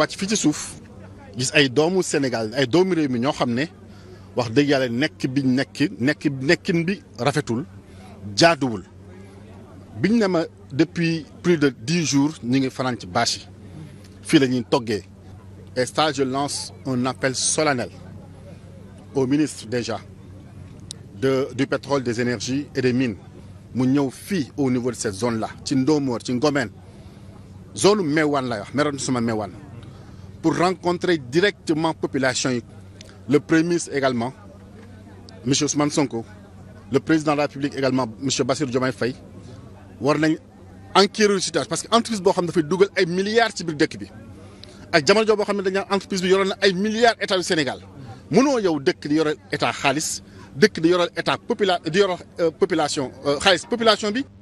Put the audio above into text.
wàcc fii ci suuf gis ay doomu Sénégal ay doomu réew mi ñoo xam ne wax dëgg yàlla nekk bi nekki nekk nekkin bi rafetul jaaduwul biñ ne ma depuis plus de dix jours ñi ngi fanaan ci bâche yi fii la ñuy toggee et ça lance un appel solennel au ministre déjà de du pétrole des énergies et des mines mu ñëw fii au niveau de cette zone la ci Ndomor ci Ngomen zone meewaan lay wax meroon sama meewaan pour rencontrer directement population yi le premier ministre également monsieur Ousmane Sonko le président de la République également monsieur Bassirou Diomaye Faye war nañ enquérir situation parce que entreprise boo xam ne dafay dugal ay milliards ci biir dëkk bi ak jamono joo boo xam ne dañu entreprise bi yoroon na ay milliards état du Sénégal mënoo yow dëkk di yoral état xaalis dëkk di yoral état popula di yoral euh, population euh, xaalis population bi.